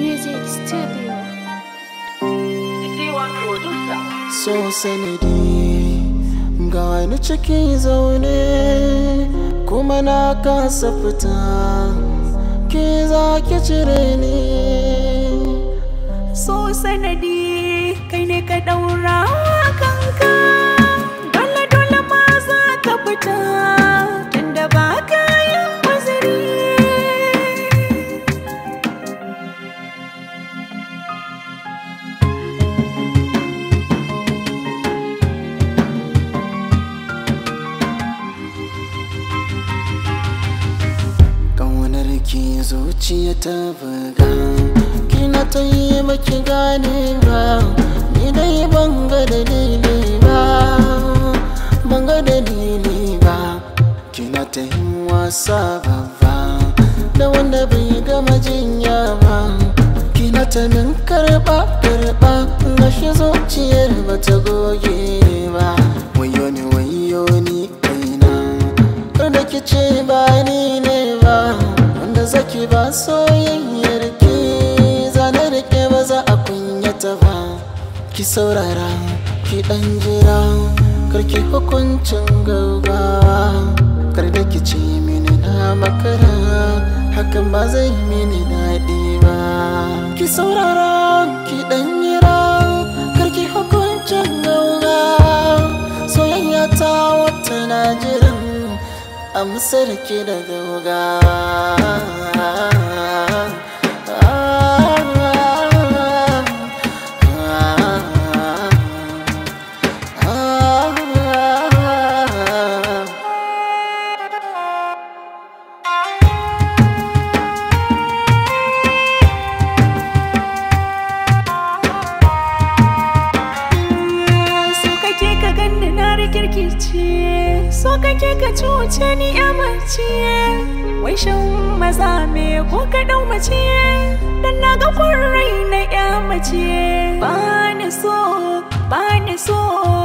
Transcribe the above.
music studio so sanadi ga wani ciki zaune kuma na kasa fita ke za ki cire ni so sanadi kai ne ka daura ka ke zuciya ta buga kina ta yi maki gane ba ni dai ban ga dalili ba ban ga dalili ba kina ta yi wasa babba da wanda bai gama jinya ba kina ta min karba Na shi zuciyar ba ta goge ba wayo ni wayo ni kaina kada ki ce ba ni ne ba saki ba soyayyar ki zanar ke ba za a kunyata ba ki saurara ki dan jira karki hukuncin gaugawa kar da ki ci mini na makara hakan ba zai mini daɗi ba ki saurara ki dan amsar ki da gaugawa rikice so kake ka cuce ni ya mace wai shan maza me ko ka dau mace dan na ga kun na ya mace ba ni so ba ni so